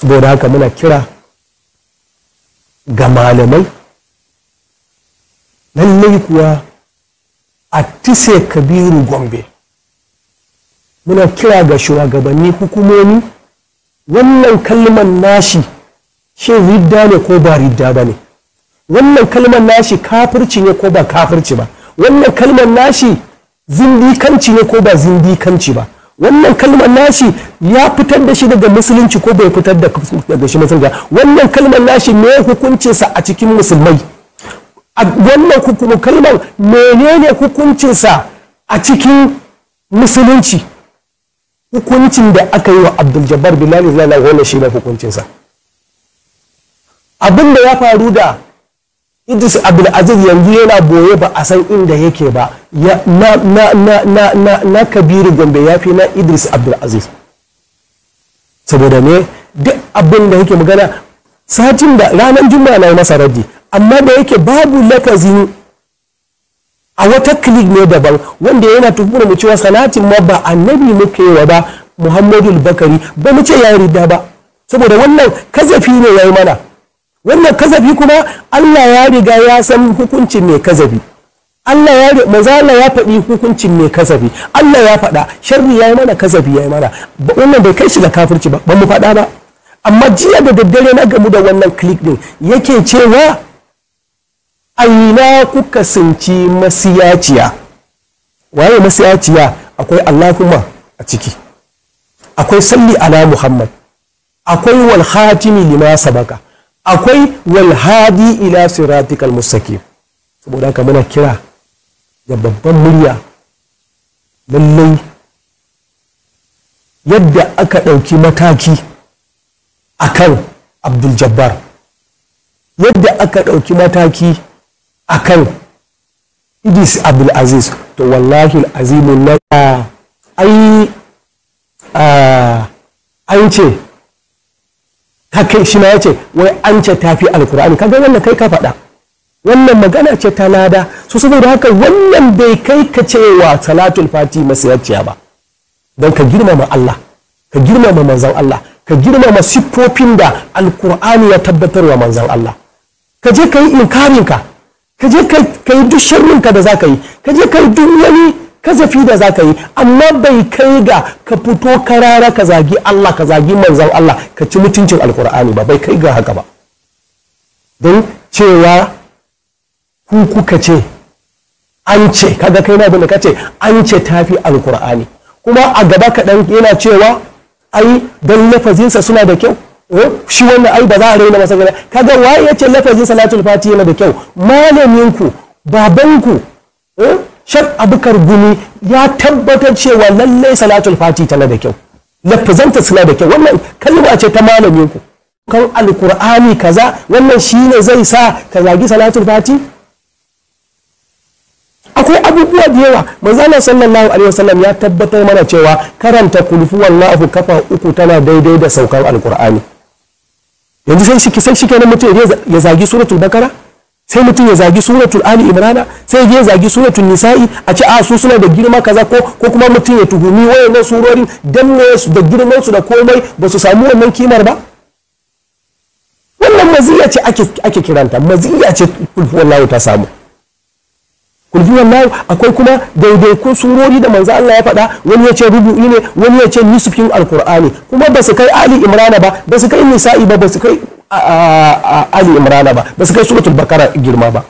saboda haka muna kira ga malamai lallai kuwa a tise kabiru gombe muna kira ga shugabanni hukumomi wannan kalman nashi shin ridda ne ko ba ridda ba ne wannan kalman nashi kafirci ne ko ba kafirci ba wannan kalman nashi zindikanci ne ko ba zindikanci ba wannan kalmar nashi ya fitar da shi daga musulunci ko bai fitar da shi musulunci wannan kalmar nashi ne hukuncinsa a cikin musulmai wannan hukumu kalmar menene hukuncinsa a cikin musulunci hukuncin da aka yi wa abdul jabbar bilal wannan shi ne hukuncinsa abin da ya faru da idris abdulaziz yanzu yana boye ba a san inda yake ba na kabiru gombe ya fi na idris abdulaziz saboda ne duk abin da yake magana satin da ranar juma'a na yi masa raddi amma da yake babu lafazin a wata klik ne daban wanda yana tuhumar mu cewa salatin ma ba annabi muke wa ba muhammadu bakari ba mu ce ya rida ba saboda wannan kazafi ne ya yi mana wannan kazabi kuma Allah ya riga ya san hukuncin mai kazabi Allah ya Allah ya faɗi hukuncin mai kazabi Allah ya faɗa sharri ya mana kazabi ya yi mana wannan bai kai shi ga kafirci ba ba mu faɗa ba amma jiya da daddare na gamu da wannan click din yake cewa aina kuka kasance masiyaciya waye masiyaciya akwai Allah, kuma a ciki akwai salli ala Muhammad akwai wal khatimi lima sabaka akwai walhadi ila siratikal musaki saboda haka muna kira da babban murya lallai yadda aka ɗauki mataki a kan abdul jabbar yadda aka ɗauki mataki a kan idis abdul aziz to wallahi azimun na an ce haka shi ma ya ce wai an ce tafi alkur'ani kaga wannan kai ka faɗa wannan magana ce ta lada so saboda haka wannan bai kai ka cewa salatul fati masayaciya ba don ka girmama Allah ka girmama manzan Allah ka girmama siffofin da alkur'ani ya tabbatarwa manzan Allah ka je ka yi inkarinka ka je ka yi duk sharrinka da za ka yi ka je ka yi duk kasafi da za ka yi amma bai kai ga ka fito karara ka zagi Allah ka zagi manzan Allah ka ci mutuncin alkur'ani ba bai kai ga haka ba don cewa ku kuka ce an ce kaga kai na da ka ce an ce tafi alkur'ani kuma a gaba kaɗan yana cewa ai don lafazinsa suna da kyau eh, shi wanda ai ba za a raina masa gaba kaga waye ya ce lafazin salatul fati yana da kyau malaminku babanku eh, shar abukar gumi ya tabbatar cewa lallai salatul fati tana da kyau lafazanta suna da kyau wannan kalma ce ta malamin ku kan alkur'ani kaza wannan shine zai sa ka zagi salatul fati akwai abubuwa da yawa na sallallahu alaihi wasallam ya tabbatar mana cewa karanta kulfu wallahu kafa uku tana daidai da saukan alkur'ani yanzu sai shi sai shi kenan mutum ya zagi suratul bakara sai mutum ya zagi suratul ali imrana sai ya zagi suratul nisa'i a ce a ah, su suna da girma kaza ko ko kuma mutum ya tuhumi wayannan surorin danne su da girman su da komai ba su samu wannan kimar ba wannan maziya ce ake ake kiranta maziya ce kulfu wallahi ta samu kulfi wallahi akwai kuma ko surori da manzo Allah ya faɗa wani ya ce rubu'i ne wani ya ce nisfin alqur'ani kuma ba su kai ali imrana ba ba su kai nisa'i ba ba su kai ali imrana ba ba su kai suratul bakara girma ba